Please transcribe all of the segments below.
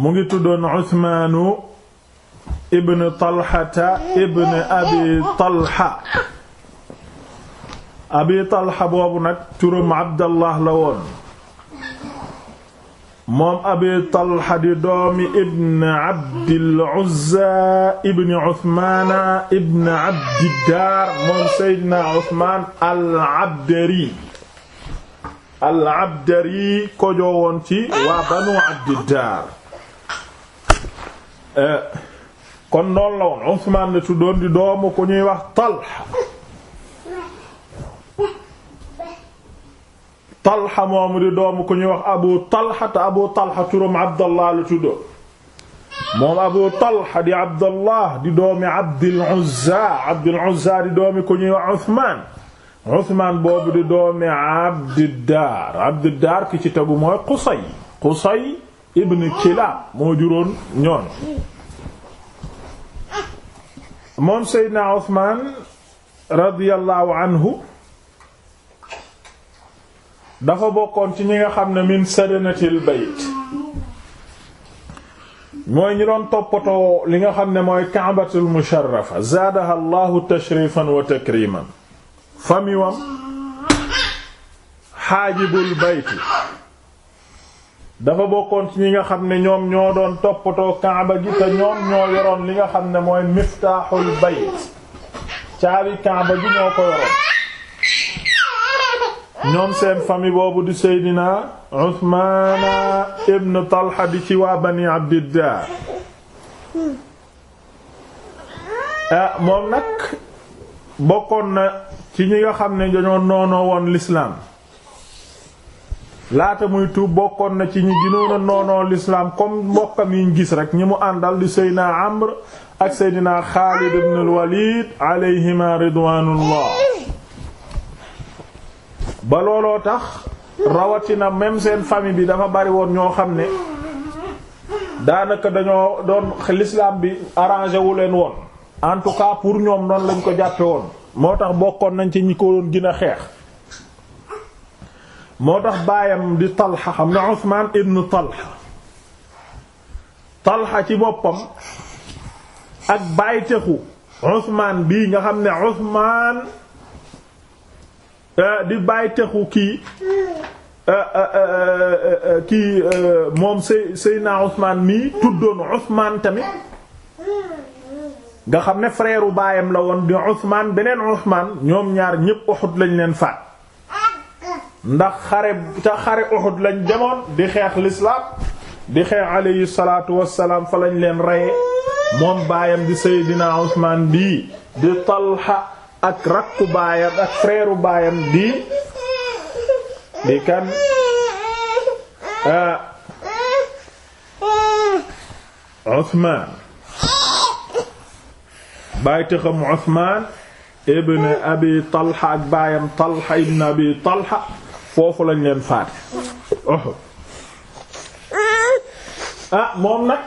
mu ngi tuddoon Usmaanu ibn Talhata ibn Abi Talha Abi Talha boobu nag turam Abdallah la woon moom Abi Talha di doomi ibn Abdil Uzza ibn Usmaana ibn Abdiddaar moom Seydina Usmaan al-Abdari al-Abdari ko joowoon ci waa Banu Abdiddaar Eh, kon noonu la woon Usmaan la tuddoon di doomu ku ñuy wax Talha Talha moomu di doomu ku ñuy wax Abu Talha te Abu Talha turam Abdallah la tuddoon moom Abu Talha di Abdallah di doomi Abdul Uzza Abdul Uzza di doomi ku ñuy wax Usmaan Usmaan boobu di doomi Abduddaar Abduddaar ki ci tegu mooy Qusay Qusay ibn Kilaab moo juróon ñoon moom Seydina Usmaan radiyallahu anhu dafa bokkoon ci ñi nga xam ne min sadanatil bayt mooy ñi doon toppatoo li nga xam ne mooy ka'batul musharrafa zaadaha allahu tashrifan wa takriman famiwam xaajibul dafa bokkoon ci ñi nga xam ne ñoom ñoo doon toppatoo kaaba gi te ñoom ñoo yoroon li nga xam ne mooy miftaaxul bayt caabi kaaba gi ñoo ko yoroon ñoom seen famille boobu di seydina uthmaana ibn ah, moom nag bokkoon na ci ñi nga xam ne dañoo noonoo woon lislaam laata muy tuub bokkoon na ci ñi gënoon a noonoo l'islam comme mbokkam yi yiñ gis rek ñi mu àndal di seydina Amr ak seydina Xaalid ibn al-Walid alayhima ridwanullah ba looloo tax rawatina même seen famille bi dafa bari woon ñoo xam ne daanaka dañoo doon l'islam bi arrangé wu leen woon en tout cas pour ñoom noonu lañ ko jàppe woon moo tax bokkoon nañ ci ñi ko doon a xeex moo tax baayam di Talha xam na Usmaan ibn Talha Talha ci boppam ak bàytexu Usmaan bii nga xam ne Usmaan eh, di bàytexu kii eh, eh, kii moom sëy Seyna Usmaan mii tuddoon Usmaan tamit nga xam ne frère baayam la woon di Usmaan beneen Usmaan ñoom ñaar ñépp Uhud lañ leen faat ndax xare ca xare Uhud lañ demoon di xeex lislaam di xeex alayhi salaatu wassalaam fa lañ leen reye moom baayam di Seydina Usmaan bii di Talha ak rakku baayam ak frère baayam di di kan ah, Usmaan baay tëxam Usmaan ibn ak baayam Talha ibn Abi Talha foofu lañ leen faate oh ah moom nag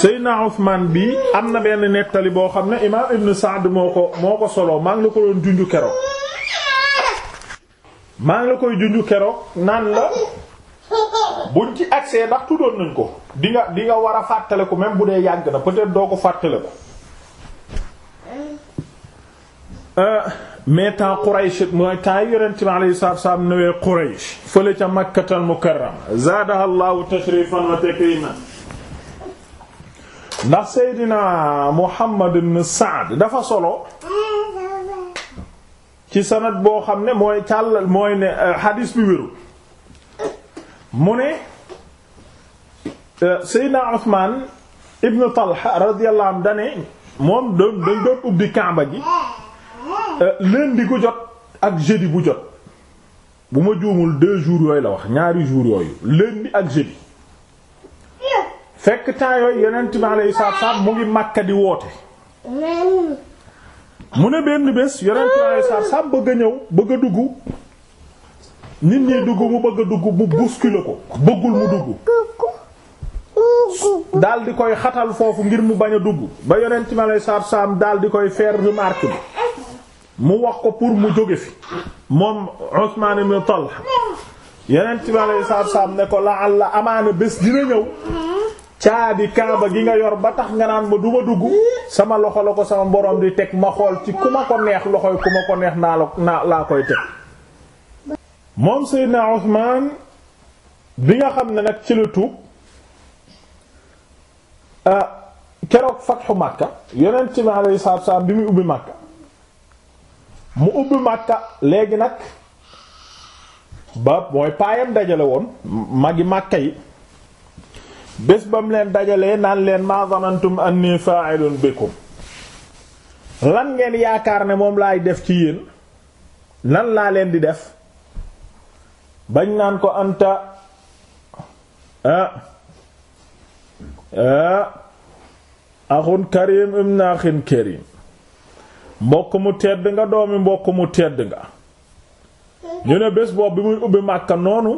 Seydina Usmaan bi am na benn nettali boo xam ne imaam Ibn Saad moo ko moo ko soloo maa ngi la ko doon junju keroog maa ngi la koy junju keroog naan la buñ ci accès ndax tuddoon nañ ko di nga di nga war a ko même bu dee yàgg na peut-être doo ko fàttaliku. mais temps Quraysh mooy temps yi yonent bi alayhi salaam newee Quraysh fële ca Makkatal Mukarrama zaadaha Allahu tashrifan wa takriman ndax Seydina Muhammad ibn Sa'd dafa solo ci sanad boo xam ne mooy càll mooy ne hadis euh, bi wéru mu ne euh, Seydina Usmaan ibn Talha radiyallahu anhu dane moom dañ doon ubbi Kaaba gi Euh, lundi gu jot ak jeudi bu jot bu ma juumul deux jours yooyu la wax ñaari jours yooyu lundi ak jeudi fekk temps yooyu yonent bi alayhi salaam mu ngi Makka di woote. mu ne benn bés yonent bi alayhi salaam bëgg a ñëw bëgg a dugg nit ñi dugg mu bëgg a dugg mu bousculer ko bëggul mu dugg. daal di koy xatal foofu ngir mu bañ a dugg ba yonent bi alayhi salaam daal di koy faire remarque bi. mu wax ko pour mu jóge fi moom Usman ibn Talha yeneen ci wàllu saabsaab ne ko la Allah amaana bés dina ñëw caabi kaaba gi nga yor ba tax nga naan ma du dugg sama loxo la ko sama borom di teg ma xool ci ku ma ko neex loxoy ku ma ko neex naa naa laa koy teg. moom Seydina Usman bi nga xam ne nag ci la tuub ah, keroog fatxu Makka yeneen ci wàllu saabsaab bi muy ubbi Makka. mu ubbi Makka léegi nag ba mooy paayam dajale woon magi Makka yi bés ba mu leen dajalee naan leen ma zanantum anni fa'ilun bikum lan ngeen yaakaar ne moom laay def ci yéen lan laa leen di def bañ naan ko anta ah ah axun karim ibn karim mbokk mu tedd nga doomi mbokk mu tedd nga ñu ne bés boobu bi muy ubbi Makka noonu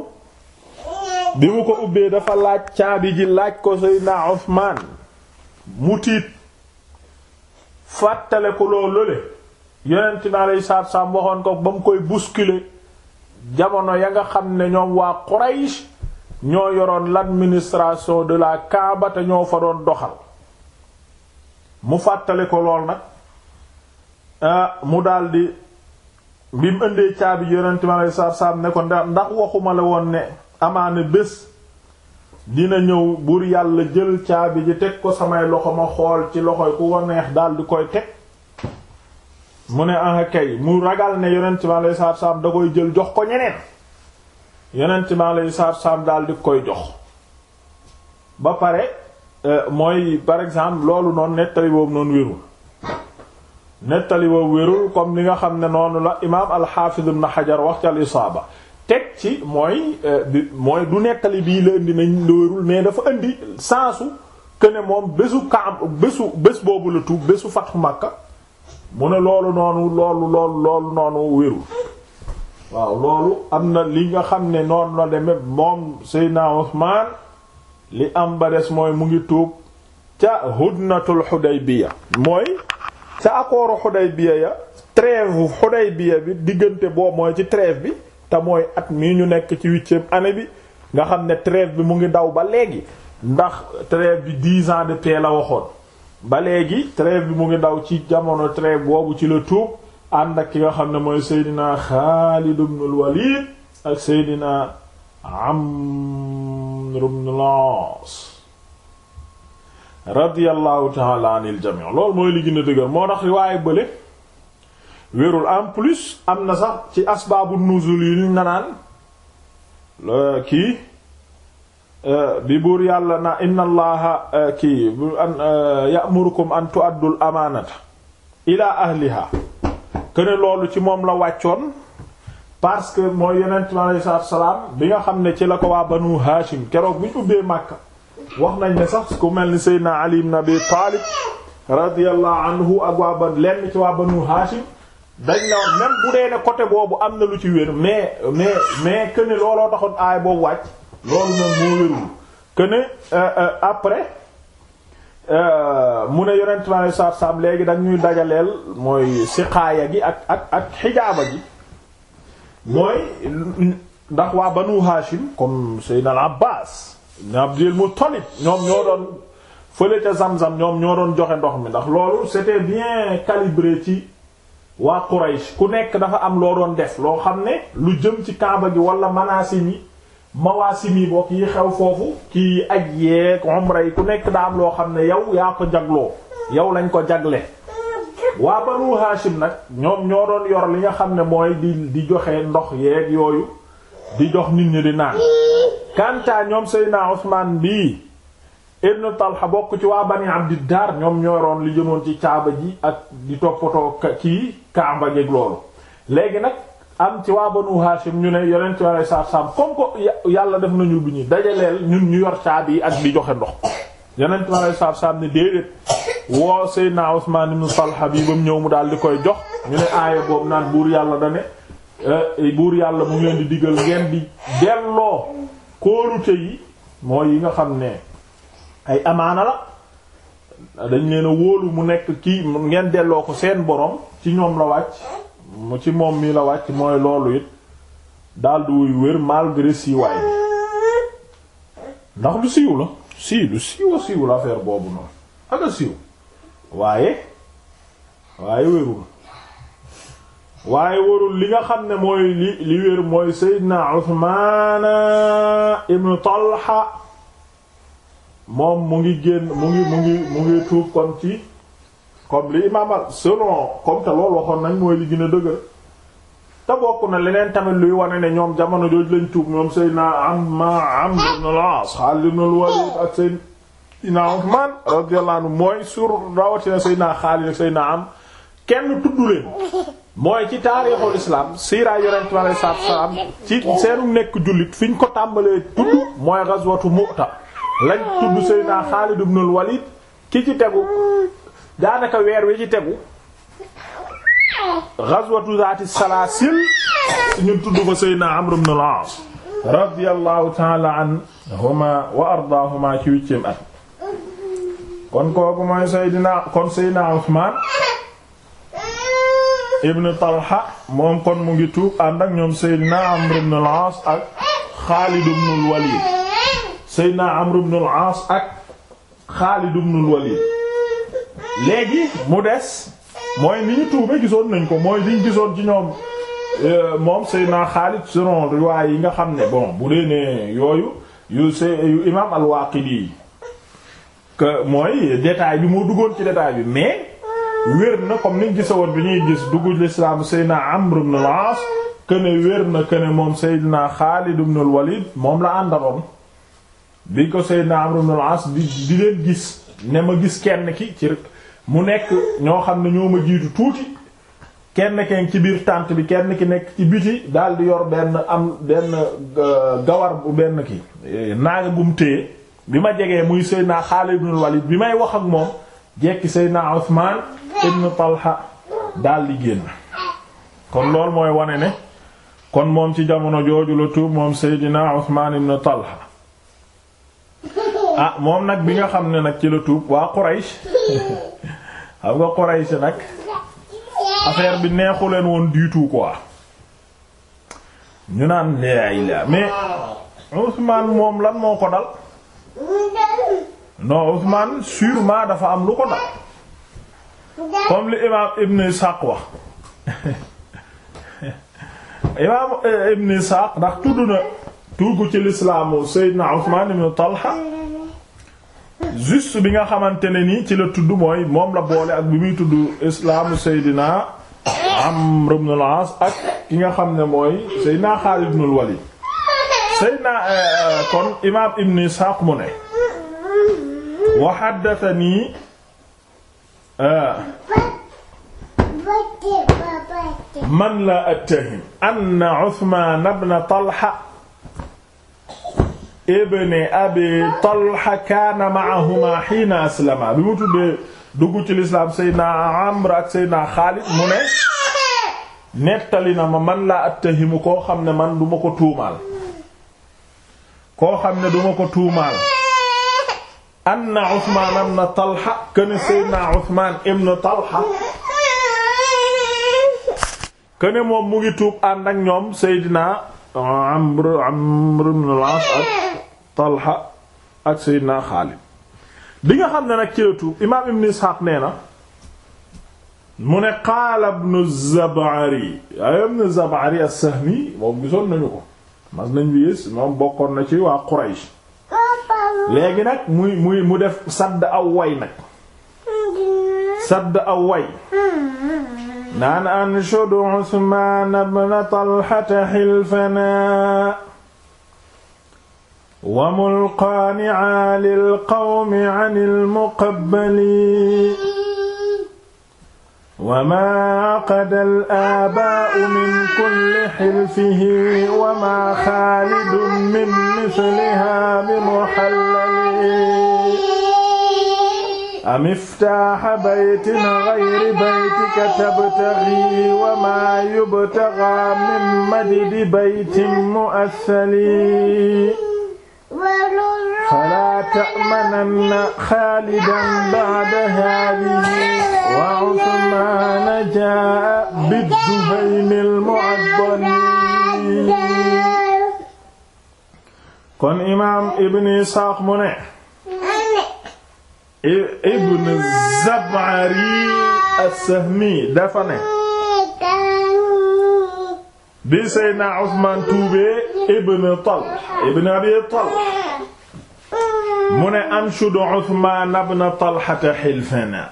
bi mu ko ubbee dafa laaj caabi ji laaj ko Seydina Usmaan mu tiit fàttale ko loo lole yonent bi alayhi salaatu salaam waxoon ko ba mu koy bousculer jamono ya nga xam ne ñoom waa Quraysh ñoo yoroon l'administration de la Kaaba ñoo fa doon doxal mu fàttale ko lool na Ah, mu daldi bi mu indee caabi yonent ma lay saab saab ne ko ndax waxuma la woon ne amaane bés dina ñëw buur yàlla jël caabi ji teg ko samay loxo ma xool ci loxo ku ko neex daldi koy teg mu ne ah kay mu ragal ne yonent ma lay saab saab da koy jël jox ko ñeneen yonent ma lay saab saab daldi koy jox ba pare eh, mooy par exemple loolu noonu nettali boobu noonu wérul nettali wa wérul comme li nga xam ne noonu la imaam alxaafiz ibn xajar wax ci al isaaba teg ci mooy euh, mooy du nettali bii la indi nañ la wérul mais dafa indi sensu que moom bésu kaam bésu bés boobu la tuub bésu fatxu Makka mu ne loolu noonu loolu loolu loolu noonu wérul waaw loolu am na li nga xam ne noonu la demee moom Seydina Usmaan li am ba des mooy mu ngi tuub ca hudnatul Hudaybiya mooy ca accord Hudaybiya ya trêve Hudaybiya bi diggante boobu mooy ci trêve bi te mooy at mii ñu nekk ci huitième année bi nga xam ne trêve bi mu ngi daw ba léegi ndax trêve bi dix ans de paix la waxoon ba léegi trêve bi mu ngi daw ci jamono trêve boobu ci la tuub ànd ak ki nga xam ne mooy Seydina Xaalid ibnul Walid ak Seydina Amr ibnul Aas radiyallahu ta'ala anil jami' loolu mooy li gën a dëgër moo tax riwaaye bële wérul en plus am na sax ci asbaabu nuzul yi kii euh, bi buur yàlla na inna allaha euh, kii euh, ya'murukum an tu'addul amaanata ilaa ahliha këne loolu ci moom la wàccoon parce que mooy yonent mi salaam bi nga xam ne ci la ko waa banu Haashim keroog bi ñu ubbee Makka wax nañ ne sax ku mel ni Seydina Ali ibn Abi Talib radiyallahu anhu ak waa ci waa banu Hashim dañ na même bu dee ne côté boobu am na lu ci wér mais mais mais que looloo taxoon aay boobu wàcc loolu moom moo wérul que euh, euh, euh, mu ne yonent mi alei satu salaam léegi dañ ñuy dajaleel mooy siqaaya gi ak ak ak gi mooy ndax waa banu Hashim comme Seydina al Abbas Abdul Muttalib ñoom ñoo doon fële ca Zamzam ñoom ñoo doon joxe ndox mi ndax loolu c'était bien calibré ci waa Quraysh ku nekk dafa am loo doon def loo xam ne lu jëm ci Kaaba gi wala manaasim yi mawaasim yi bokk yi xew foofu ki aj yeeg umra yi ku nekk daa am loo xam ne yow yaa ko jagloo yow lañ ko jagle waa Banu Hashim nag ñoom ñoo doon yor li nga xam ne mooy di di joxe ndox yeeg yooyu di jox nit ñi di naan kantaa ñoom Seydina Usmaan bii ibnu Talha bokk ci waa di Abdiddar ñoom ñoroon li jëmoon ci caaba ji ak di toppatoo kii kaamba jeeg loolu léegi nag am ci waa Banu Haashim ñu ne yeneen ci wàllu saabsaab comme que yàlla def nañu bu ñuy dajaleel ñun ñu yor saab yi ak di joxe ndox yeneen ci wàllu saabsaab ne déedéet woo Seydina Usmaan ibnu Talha bii ba mu ñëw mu daal di koy jox ñu ne aaya boobu naan buur yàlla da ne Eh, eh, buur yàlla mu ngi di digal ngeen di delloo kóolute yi mooy yi nga xam ne ay amaana la dañ leen a wóolu mu nekk kii ngeen delloo ko seen boroom ci ñoom la wàcc mu ci moom mii la wàcc mooy loolu it daal du wuy wér malgré siiwaay ndax du siiw la sii du siiwa siiw la affaire boobu noonu ak siiw waaye waaye wérul waaye warul li nga xam ne mooy li wér mooy Seydina Uthman ibn Talha moom mu ngi génn mu ngi mu ngi mu ngi tuub comme ci comme li imaam selon comme te loolu waxoon nañ mooy li gën a dëgër te bokk na leneen tamit luy wane ne ñoom jamono jooju lañ tuub ñoom Seydina Amma Amr ibn al-As Khalid ibn al-Walid ak Seydina Uthman radiyallahu anhu mooy sur rawatina Seydina Khalid ak Seydina am kenn tudd leen mooy ci taarixul islam siira yonent alayhi salaam ci seenu nekk jullit fi ko tàmbalee tudd mooy ghazwatu Mu'ta lañ tudd Seydina Xaalid ibnul Walid ki ci tegu daanaka weer wi ci tegu ghazwatu zaati salaasil ñu tudd ko Seydina Amr ibnul Aas radiyallahu ta'ala anhuma wa ardaahuma ci huitième at kon kooku mooy Seydina kon Seydina Usmaan ibn Talha moom kon mu ngi tuub ànd ak ñoom Seydina Amr ibn al-As ak Xaalid ibn al-Walid Seydina Amr ibn ak Xaalid ibn al-Walid léegi mu des mooy ni ñu tuube gisoon nañ ko mooy liñ gisoon ci ñoom euh, moom naa Xaalid suron riwaay yi nga xam ne bon bu dee ne yooyu yu s yu imaam al yi que moo duggoon ci détail bi mais wér na comme niñ gisawoon bi ñuy gis duggu lislaam Seydina Amr ibn al-As këne wér na këne moom Seydina Xaalid ibn al-Walid moom la àndaloon bi ko Seydina Amr di di leen gis ne ma gis kenn ki ci mu nekk ñoo xam ne ñoo ma jiitu tuuti kenn kenn ci biir tànt bi kenn ki nekk ci biti daal di yor benn am benn euh, gawar bu benn ki euh, naaga gum bi ma jegee muy Seydina Xaalid ibn al bi may wax ak moom jekki Seydina Usmaan ibn Talha daal di génn kon loolu mooy wane ne kon moom ci jamono jooju la tuub moom Seydina Usmaan ibn Talha ah moom nag bi nga xam ne nag ci la tuub waa Quraysh xam nga Quraysh nag affaire bi neexu leen woon du ko quoi ñu naan laay la mais Usmaan moom lan moo ko dal non Usmaan sûrement dafa am lu ko dal comme li imaam Ibn Ishaq wax imaam eh, Ibn Ishaq ndax tudd na dugg ci lislaamu Seydina Usmaan ibn Talha juste bi nga xamante ne nii ci la tudd mooy moom la boole ak bi muy tudd islaamu Seydina Amr ibn al ak ki nga xam ne mooy Seydina Xaalid ibn al Seydina eh, kon imaam Ibn Ishaq mu ne wa haddathanii Ah. man la attahim anna Uthman ibn Talha ibn Abi Talha kaana ma'ahuma hiina aslama bi mu tuddee dugg ci lislaam Seydina Amr ak Seydina Xaalid mu ne nettali na ma man laa attahimu koo xam ne man duma ko tuumaal koo xam ne duma ko tuumaal anna Usmaan ibn Talha këne Seydina Usmaan ibn Talha këne moom mu ngi tuub ànd ak ñoom Seydina Amr Amr ibn al-As ak Talha ak Seydina Xaalid bi nga xam ne nag ci la tuub imaam Ibn Isxaaq nee na mu ne qaala ibn Zab'ari ay ibn Zab'ari as-Sahmi moom gisoon nañu ko mas nañ bi yées moom bokkoon na ci waa Quraysh léegi nag muy muy mu def sadd aw way nag sadd aw way naan anshudu Usmaan ibn Talhata xilfanaa wa mulqaani'a lil qawmi 'anil muqabbali وما عقد الآباء من كل حلفه وما خالد من مثلها بمحلل أم افتاح بيت غير بيتك تبتغي وما يبتغى من مدد بيت مؤثل fala ta'mananna xaalidan ba'da haadihi wa Usmaan jaa'a bid-duhayn al-mu'addali kon imaam Ibn Isxaaq mu ne Ibn Zab'ari as-Sahmi dafa ne bi Seydina Usmaan tuubee Ibn Talha Ibn Abi Talha mu ne anshudu Usmaan ibn Talhata xilfana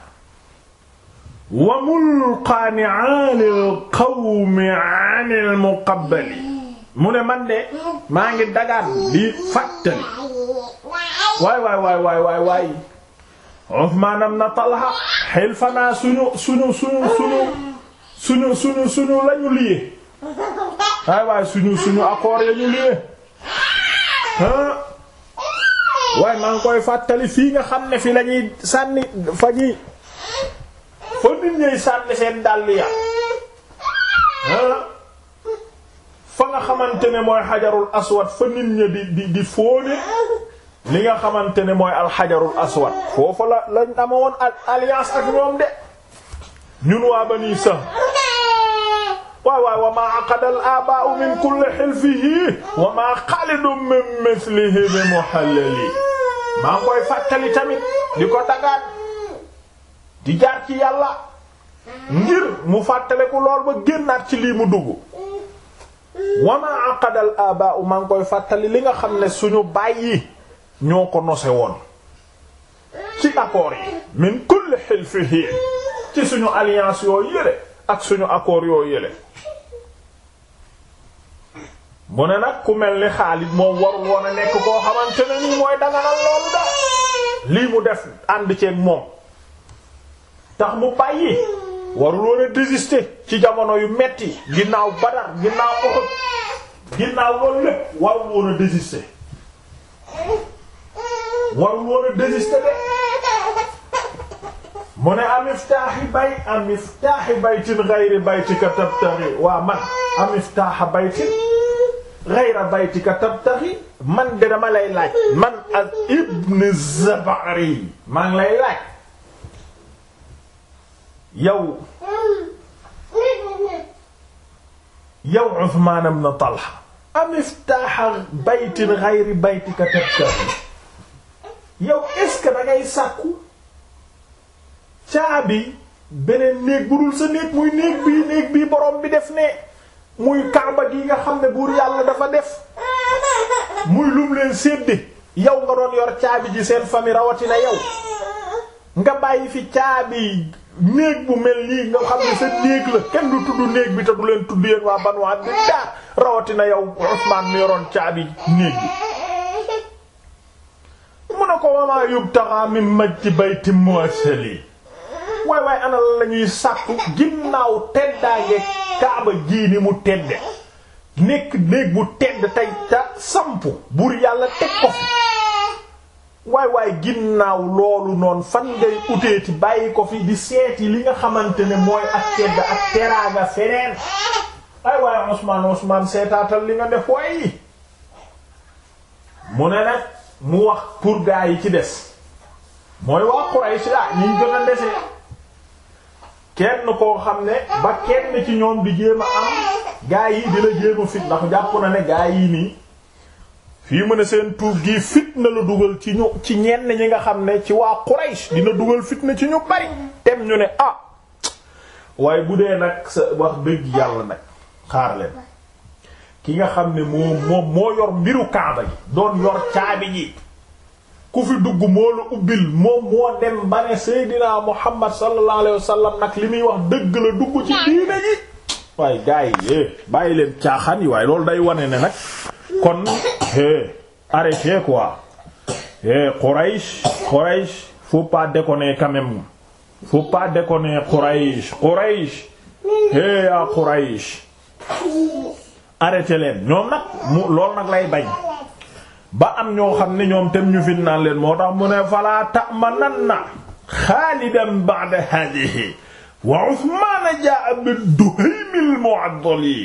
wa mulqaani alil qawmi anil muqabbali mu ne man de maa ngi dagaan di fàttali waay waay waay waay waay waay Usmaan ibn Talha xilfana suñu suñu waaye maa koy fàttali fii nga xam ne fi la sànni fa ñuy fa nit ñuy sànni seen dàll ya fa nga xamante ne mooy xajarul aswad fa nit ñi di di di li nga xamante ne mooy alxajarul aswad foofu la lañ amoon alliance ak ñoom de ñun waa Bani Sahm waay waay wa maa aqada al abaa'u min kulli hilfihi wa maa xaalidu min mislihi bi muhallali maa ngi koy fàttali tamit di ko dagaat di jaar ci yàlla ngir mu fàttaliku lool ba génnaat ci lii mu dugg wa maa aqada al abaa'u koy fàttali li nga xam ne suñu bàyyi ñoo ko nose woon ci accord yi min kulli hilfihi ci suñu alliance yoo yële ak suñu accord yoo yële mu ne nag ku mel ni Xaalid moom warul a nekk koo xamante ne nii mooy danganal loolu da lii mu def ànd ceeg moom tax mu bàyyi warul woon a désister ci jamono yu metti ginnaaw Badar ginnaaw Uhud ginnaaw loolu lépp warul woon a désister warul woon a désister de mu ne amiftaaxi bay amiftaaxi baytin ghayri baytika tabtari waa man amiftaaxa baytin ghayra baytika tabtaghi man de dama lay laaj man ak ibn zabari maa ngi lay laaj yow yow Usmaan ibn Talha am iftaaha baytin ghayri baytika tabtaghi yow est-ce que da ngay sàkku caabi beneen néeg bu dul sa néeg muy néeg bii néeg bii borom bi def ne muy kaaba gi nga xam ne buur yàlla dafa def muy lum leen sédde yow nga doon yor caabi ji seen famille rawatina yow nga bàyyi fi caabi néeg bu mel nii nga xam ne sa néeg la kenn du tudd néeg bi te du leen tudd yéen waa Banu Abdil rawatina yow Usmaan bi. mu ne ko wamaa yubtaxaa min majdi bayti muwassali waay waay ana la ñuy sàkku ginnaaw teddaange. kaaba gii ni mu tedde nekk néeg bu tedd tey ta sampu buur yàlla teg ko fi waay waay ginnaaw loolu noon fan ngay uteeti bàyyi ko fi di seeti li nga xamante ne mooy ak tedd ak teraanga feneen ay waaye Ousmane seetaatal li nga def waay mu ne nag mu wax pour yi ci des mooy waa Quraysh la ñu gën a desee kenn koo xam ne ba kenn ci ñoom bi jéem a am gaa yi di la jéem fit ndax jàpp na ne gaa yi nii fii mu ne seen tuut gii fitna la dugal ci ñu ci ñenn ñi nga xam ne ci waa Quraysh dina dugal fitna ci ñu bari tem ñu ne ah waaye bu dee nag sa wax dëgg yàlla nag xaar leen ki nga xam ne moom moom moo yor mbiru Kaaba gi doon yor caabi ji ku fi dugg moo la ubbil moom moo dem ba ne Seydina Muhammad sallallahu alayhi wa nag li muy wax dëgg la dugg ci diine ji waaye gars yi eh, bàyyi leen caaxaan yi waaye loolu day wane ne nag kon eh, arrêtez quoi eh, Quraish Quraish faut pas déconner quand même faut leen ñoom nag mu nag lay bañ. ba am ñoo xam ne ñoom tam ñu fit naan leen moo tax mu ne falaa ta'mananna xaalidan ba'da hadihi wa Usmaan jaa bi duhaymil mu'addali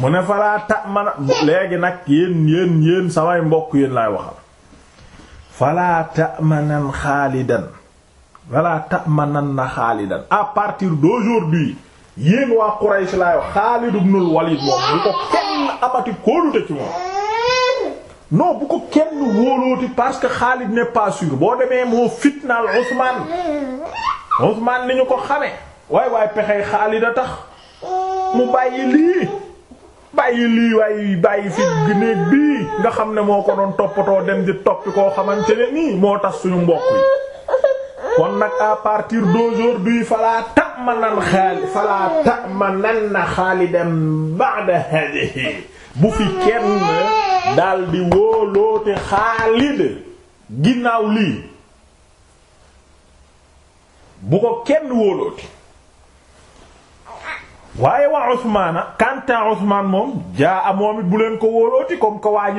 mu ne falaa ta'mana léegi nag yéen yéen yéen samay mbokk yéen laay waxal falaa ta'manan xaalidan falaa ta'mananna xaalidan à partir d'aujourd'hui yéen waa Quraysh laay wax Xaalid ibnul Waliid moom bu ko kenn amati kóolute ci moom non bu ko kenn wóolooti parce que Khalid n'est pas sûr boo demee moo fitnaal Ousmane Ousmane ni ñu ko xamee waaye waay pexey Khalid a tax mu bàyyi lii bàyyi lii waaye bàyyi fi néeg bii nga xam ne moo ko doon toppatoo dem di toppi koo xamante ne nii moo tax suñu mbokk yi kon nag à partir d'aujourd'hui falaa ta'manan Khalid falaa ta'manan Khalidan ba'da hadhihi bu fi kenn daal di wóoloote Xaalid ginnaaw lii bu ko kenn wóoloote waaye waa Usmaana kantaa Usmaan moom jaa a moom it bu leen ko wóolooti comme que waa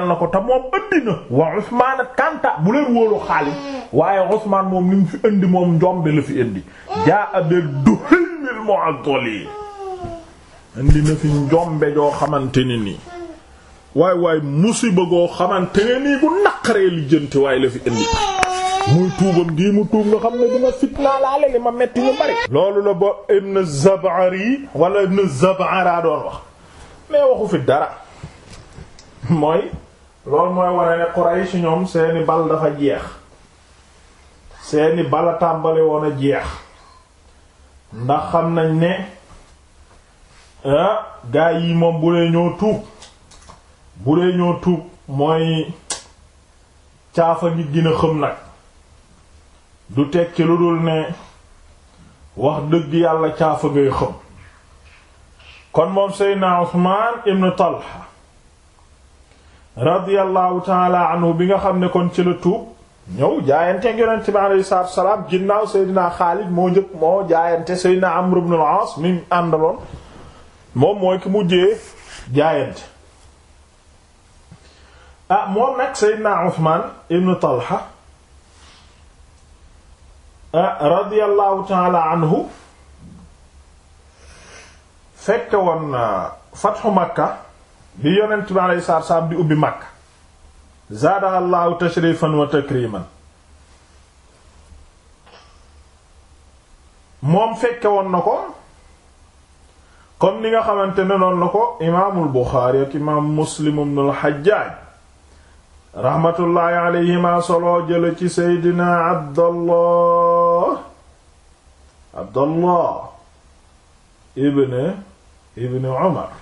na ko te moom ëndi na waa Usmaana kanta bu leen wóolu Xaalid waaye Usmaan moom li mu fi indi moom njombe la fi indi jaa a bil duhmil mu'addali indi na fi njombe joo xamante ne nii waay waay musiba goo xamante nii bu naqaree li waaye la fi indi muy tuubam gii mu tuub nga xam ne dina fitnaa li ma metti ñu bari loolu la ba ibn zabari wala ibn zabara doon wax mais waxu fi dara mooy loolu mooy wane ne Quraysh ñoom seeni bal dafa jeex seeni bala tàmbali woon a jeex ndax xam nañ ne ah gaa yi moom bu dee ñoo tuub bu dee ñoo tuub mooy caafa ngi gën a xëm nag du tekki lu dul ne wax dëgg yàlla caafa ngay xëm kon moom seydna Usmaan ibn Talha radiyallahu taala anhu bi nga xam ne kon ci la tuub ñëw jaayante yonent bi alayhi salaatu wa salaam ginnaaw seydna Xaalid moo njëkk moo jaayante seydna Amr ibn al-Aas mi àndaloon moom mooy ki mujjee jaayante ah moom nag Seydina Usmaan ibn Talha ah radiyallahu anhu fekk woon ah, fatxu Makka bi yonent bi alayhi salaatu ubbi Makka zaadaha Allahu tashrifan wa takriman moom fekke woon na ko comme ni nga xamante ne noonu la ko imaamul Buxaari ak imaam Muslim ibn al-Hajjaaj raxmatullaahi alayhima soloo jële ci seydina Abdallah Abdallah ibn ibn Umar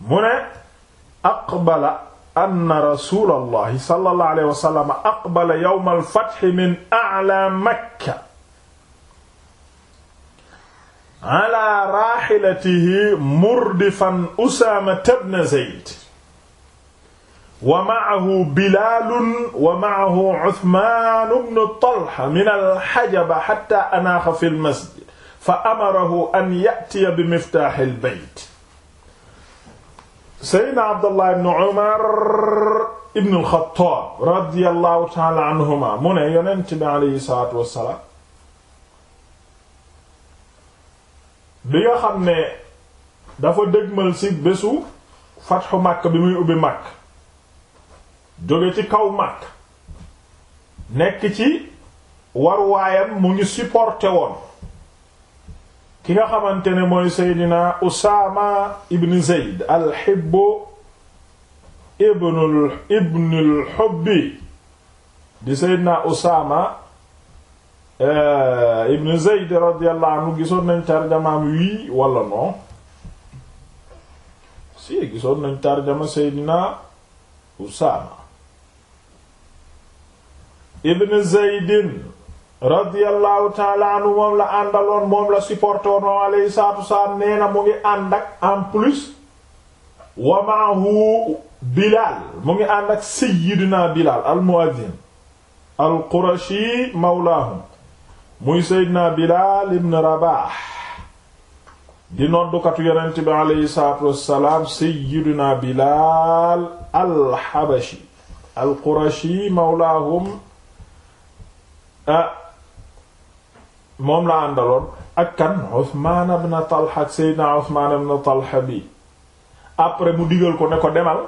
mu ne aqbala anna rasuulallahi sallallaahu alayhi wa sallam aqbala yawmal fathi min a'laa Makka ala raxilatihi murdifan Usaama ibn Zayd wa ma'ahu Bilaal wa ma'ahu Usmaan ibn Talha min al-Hajaba hattaa anaaxa fi al-masjid fa amarahu an ya'tiya bi miftaahi al-bayt. Seydina Abdullah ibn Umar ibn al-Khattaab radiyallahu ta'aala anhumaa mu ne Yonent bi alayhi salaatu wa salaam li nga xam ne dafa dëgmal ci bésu fatxu Makka bi muy ubbi Makka jóge ci kaw Makka nekk ci warwaayam mu ngi supporté woon ki nga xamante ne mooy Seydina Usaama ibn Zayd al-Hibbu ibnul ibnul Hubbi di Seydina Usaama Euh, Ibn Zayd radiyallahu anhu gisoon nañ tarjamaam wii wala non si gisoon nañ tarjama Seydina Usaama Ibn Zaydin radiyallahu taala moom la àndaloon moom la supporté woon moom alayhi salaatu mu ngi ànd ak en plus wa maahu Bilal mu ngi ànd ak Seydina Bilal al-mu'adhdhin al-Qurashi mawlaahum muy Seydina Bilaal ibn Rabaah di noddukatu yonent bi aleyhi salaatu wassalaam Seydina Bilaal al-Habashi al-Qurashi mawlaahum moom la àndaloon ak kan Usmaan ibn Talha ak Seydina Usmaan après mu digal ko ne ko demal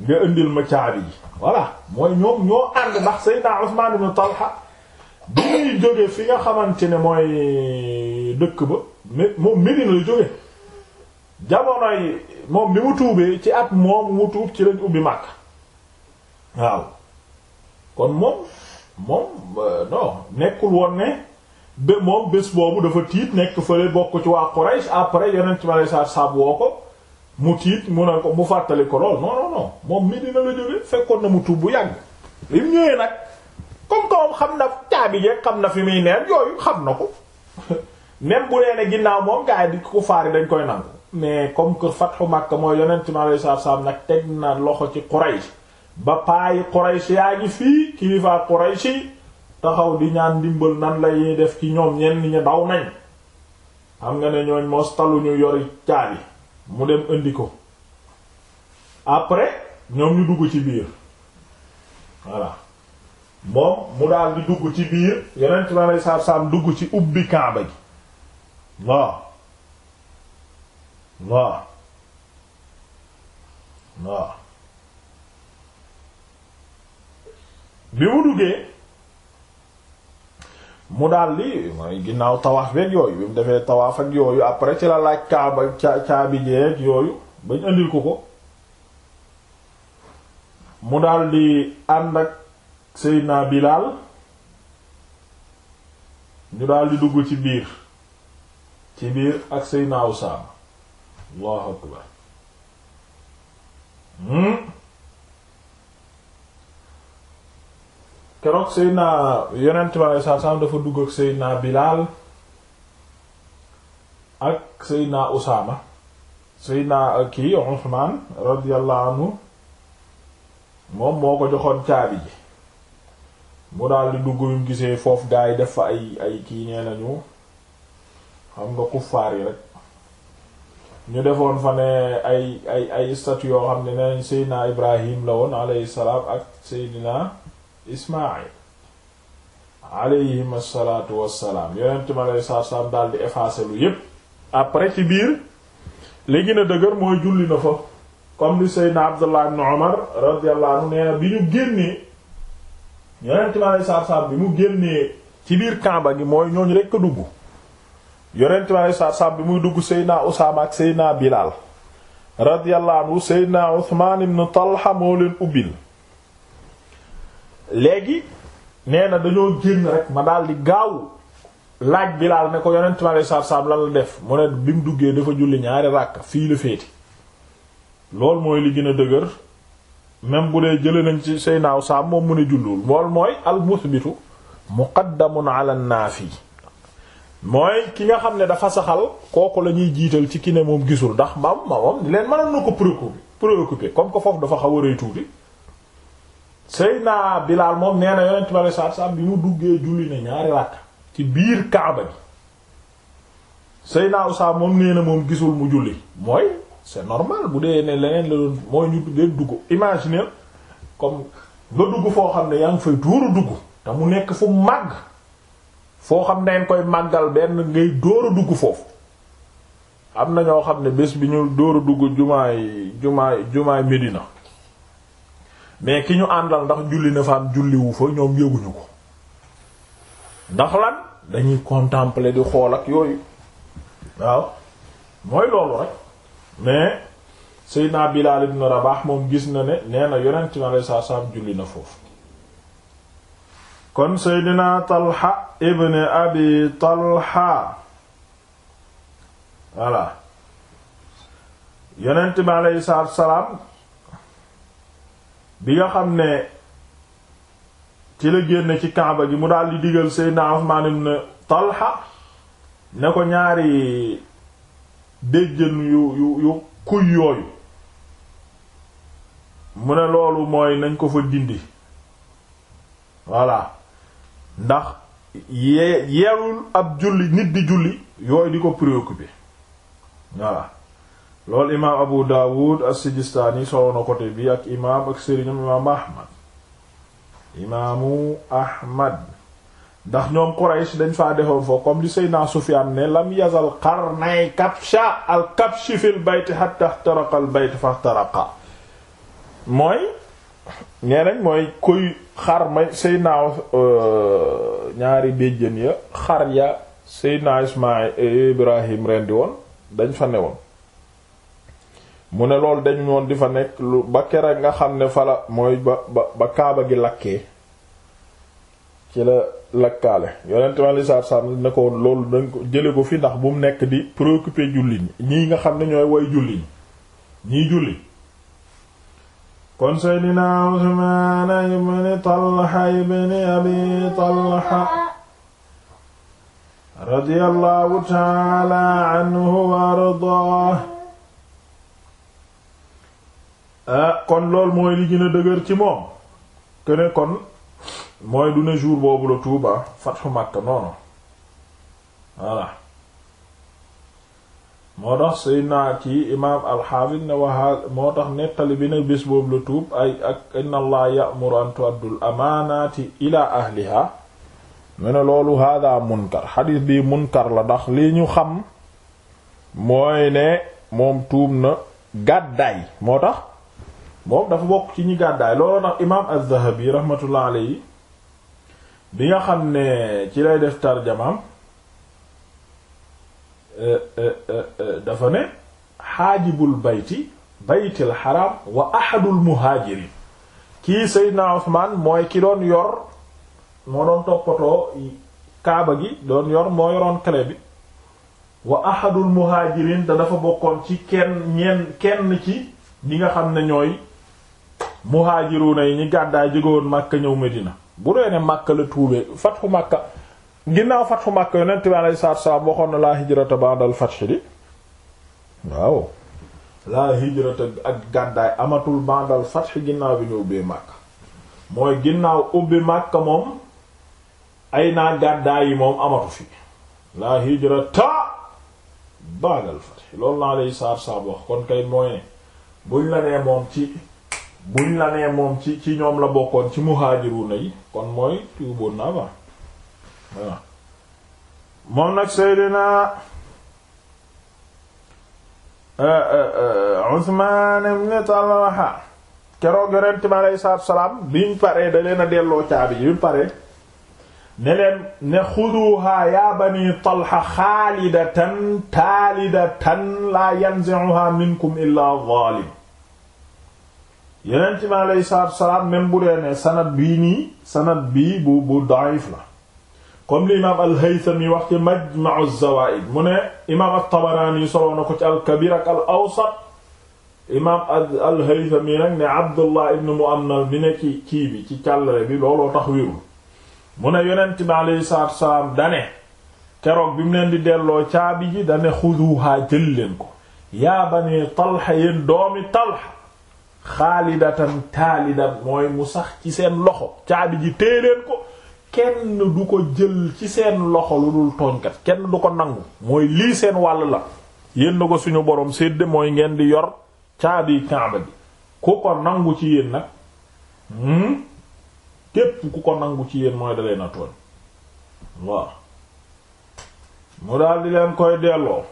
nga indil ma caabi yi mooy ñoom ñoo ànd ndax Seydina Usmaan Talha bi muy jóge fi nga xamante ne mooy dëkk ba moom Médine la jóge jamono yi moom bi mu tuubee ci at moom mu tuub ci lañ ubbi Makka waaw kon moom moom euh, non nekkul woon ne ba moom bés boobu dafa tiit nekk fële bokk ci waa Quraysh après yonent ci lay sa saab woo ko mu tiit mu ne ko mu fàttali ko lool non non non moom Médine la jóge fekkoon na mu tuub bu yàgg li mu ñëwee nag comme xam na caabi jeeg xam na fi muy neen yooyu xam na ko même bu nee ne ginnaaw moom gaa yi di ko faar yi dañ koy nangu mais comme que fatxu Makka mooy yonent mi alayhi salaatu salaam nag teg na loxo ci Quraysh ba paayi Quraysh yaa ngi fii kilifa Quraysh taxaw di ñaan ndimbal nan la ñuy def ci ñoom ñenn ñi daw nañ xam nga ne ñooñ mos taluñu yori caabi mu dem indi ko après ñoom ñu dugg ci biir voilà moom mu daal dugg ci biir yonent bi aleyhi salaatu salaam dugg ci ubbi kaaba gi waaw waaw waaw bi mu duggee mu daal ginnaaw tawaaf beeg yooyu bi mu defee tawaaf ak yooyu après ci la laaj kaaba ca caabi jeeg yooyu bañ andil ko ko mu daal di ànd ak Seydina Bilaal ñu daal di dugg ci biir ci biir ak Seydina Usaama Allahu akbar hmm? keroog Seydina yonent bi alayhi salaam dafa dugg ak Seydina Bilaal ak Seydina Usaama Seydina kii Usmaan radiyallahu anhu moom moo ko joxoon caabi ji mu daal di dugg bi mu gisee foofu gaa yi def fa ay ay kii nee nañu xam nga kuffaar yi rek ñu defoon fa ne ay ay ay statue yoo xam ne neen Seydina Ibrahim la woon alayhi salaam ak Seydina Ismaïl alayhim asalaatu wassalaam yonent mi alayhi salaatu wassalaam daal di yépp après ci biir li gën a dëgër mooy julli na fa comme li Seydina Abdullah ibn Umar radiyallahu anhu bi ñu génnee yonent bi aleyhi salaatu bi mu génnee ci biir Kaaba gi mooy ñooñu rekk a dugg yonent bi aleyhi salaatu bi muy dugg naa Usaama ak naa Bilaal radiyallahu anhu Seydina Usmaan ibn Talha moo leen ubbil léegi nee na dañoo génn rek ma daal di gaaw laaj Bilaal ne ko yonent bi aleyhi salaatu salaam la def mu ne bi mu duggee dafa julli ñaari ràkk fii la féete loolu mooy li a dëgër même bu dee jëlee nañ ci say naaw saam moom mu ne julluwul loolu mooy al musbitu muqaddamun ala naafi mooy ki nga xam ne dafa saxal kooku lañuy jiital ci ki ne moom gisul ndax maam maam leen mënoon comme que foofu dafa xaw a rëy tuuti Seyna moom nee na bi mu duggee julli ne ñaari rakk ci biir Kaaba bi Seyna Usaama moom nee na moom gisul mu julli mooy c'est normal bu dee ne leneen la doon mooy ñu leen dugg imaginer comme nga dugg foo xam ne yaa ngi fay dóor a dugg te mu nekk fu màgg foo xam ne koy màggal benn ngay dóor a foofu am na ñoo xam ne bés bi ñu dóora a dugg jumaay jumaay jumaay Medina mais ki ñu àndal ndax julli na fa am julliwu fa ñoom yëguñu ko ndax lan dañuy contempler di xool ak yooyu waaw mooy loolu rek mais Seydina Bilaal ibn Rabaah moom gis na ne nee na yonent mi alayhi julli na foofu kon Seydina Talha ibn Abi Talha voilà yonent mi alayhi salaam bi nga xam ne ci la génn ci Kaaba gi mu daal di digal Seydina Usmaan ibn Talha ne ko ñaari déjjën yu yu yu kuy yooyu mu ne loolu mooy nañ ko fa dindi voilà ndax yee yeerul ab julli nit di julli yooyu di ko préoccupé voilà loolu imaam Abu Dawud as-Sijistaani solo na côté bi ak imaam ak sëriñam imaamu Ahmad imaamu Ahmad ndax ñoom Quraysh dañ faa defoo foofu comme li Seydina Sufyaan ne lam yazal qarnay kabsha al kabshi fil bayti hatta ihtaraqa al bayt fa ihtaraqa mooy nee nañ mooy kuy xar may Seydina euh, ñaari béjjën ya xar ya Seydina Ismaïl Ibrahim rendi woon dañ fa newoon mu ne loolu dañu woon di fa nekk lu ba kere nga xam ne fala mooy ba ba ba kaaba gi lakkee ci la lakkaale yonent ma li saar saar ne ko loolu dañ ko jële ko fi ndax bu mu nekk di préoccuper jullit ñi nga xam ne ñooy woy jullit ñiy julli kon seydina Usmaan ibn Talha ibn Abi Talha radiyallahu ta'ala anhu wa ah, kon loolu mooy li gën a dëgër ci moom kene kon mooy du ne jour boobu la Touba fatxu Makka noonu voilà moo tax Seydina kii imaam alxaafid ne waa moo tax nettali bi ne bés boobu la tuub ay ak inna allah ya'muru an tu'addul amaanaati ilaa ahliha mu ne loolu hada munkar xadis bi munkar la ndax li ñu xam mooy ne moom tuub na gàddaay moo tax moom dafa bokk ci ñi gàddaay loolu tax imaam az-Zahabi rahmatullah alayhi bi nga xam ne ci lay def tarjamaam e, e, e, dafa ne xaajibul bayti baytil xaram wa ahadul muhajirin kii Seydina Usmaan mooy ki doon yor moo doon toppatoo kaaba gi doon yor moo yoroon clé bi wa ahadul muhajirin te dafa bokkoon ci kenn ñeen kenn ci ñi nga xam ne ñooy na yi ñi gàddaay jógowoon Makka ñëw Medina bu dee ne Makka la tuubee fatxu Makka ginnaaw fatxu Makka yonent bi alayhi salaatu salaam waxoon laa hijrata ba'dal fath di waaw laa hijrata ak gàddaay amatul ba'dal fath ginnaaw bi ñu ubbee Makka mooy ginnaaw ubbi Makka moom ay naa gàddaay yi moom amatu fi laa hijrata ba'dal fath loolu laa lay saar saab wax kon kay mooy buñ la nee moom ci buñ la nee moom ci ci ñoom la bokkoon ci muhaajiruna yi kon mooy tuuboon na ba waaw moom nag Seydina euh, euh, euh, Usmaan ibn Talha keroog yonent bi aleyhi salaatu salaam biñ paree da leen a delloo caabi ji biñ paree ne leen ne xuduha yaa bani Talha xaalidatan taalidatan laa yanzi'uha minkum illaa zaalim yeneen ci ma aleyhi salaam même bu dee ne sanad bii nii sanad bii bu bu la comme li imaam al-Haythami wax ci Majma'u Zawaa'id mu ne imaam at-Tabaraani soloo ko ci al-Kabir ak al-Awsat imaam al-Haythami nag ne Abdullah ibn Mu'ammal bi ne ci kii bi ci càllale bi looloo tax wérul mu ne yonent bi aleyhi salaam dane keroog bi mu di delloo caabi ji dane xuduhaa jël leen ko yaa bani Talha yéen doomi Talha xaalidatan taalidan mooy mu sax ci seen loxo caabi ji téye leen ko kenn du ko jël ci seen loxo lu dul tooñkat kenn du ko nangu mooy lii seen wàll la yéen na ko suñu borom sedd mooy ngeen di yor caabi kaaba bi ku ko nangu ci yéen nag hmm? képp ko nangu ci yéen mooy dalee na tooñ waaw mu daal leen koy delloo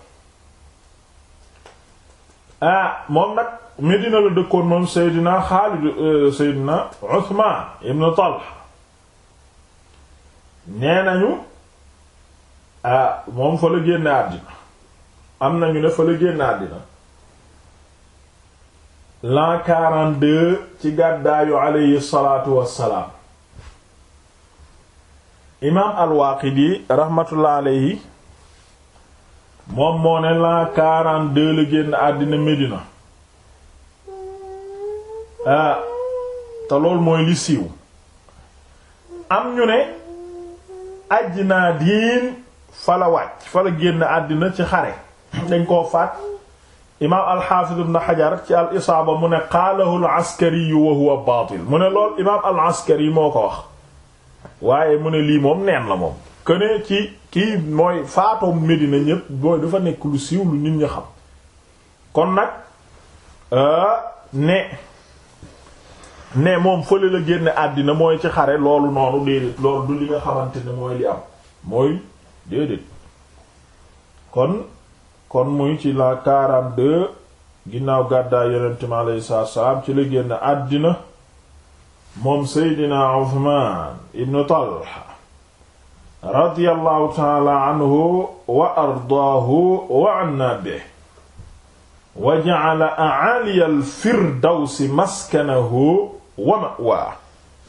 Ah, moom nag Medina la dëkkoon moom Seydina Xaalid euh, Seydina Usmaan ibn Talha nee nañu ah moom fa la génne àddina am nañu ne fa la génne àddina l'an 42 ci gàddaayu aleyhi salaatu wassalaam imaam al-Waaqidi rahmatullah aleyhi moom moo ne l'an quarante-deux la génn àddina Médina ah, te loolu mooy li siiw am ñu ne Ajnaadiin fala wàcc fala génn àddina ci xare dañ koo faat imaam al-Hafiz ibn Hajar ci al-Isaaba mu ne qaalahu al-Askari wa huwa baatil mu ne lool imaam al-Askari moo ko wax waaye mu ne lii moom neen la moom ne ci kii mooy faatoom Medina ñépp mooy dafa nekk lu siiw lu nit ñi xam kon nag euh, ne ne moom fële la génn àddina mooy ci xare loolu noonu déedéet loolu du li nga xamante ne mooy li am mooy déedéet kon kon muy ci la 42 ginnaaw gàddaa yonente mi aleyhi salaam ci la génn àddina moom Seydina Uthman ibn radiyallahu taala anhu wa ardaahu wa anna bihi wa ja'ala a'ali al-firdawsi maskanahu wa ma'waahu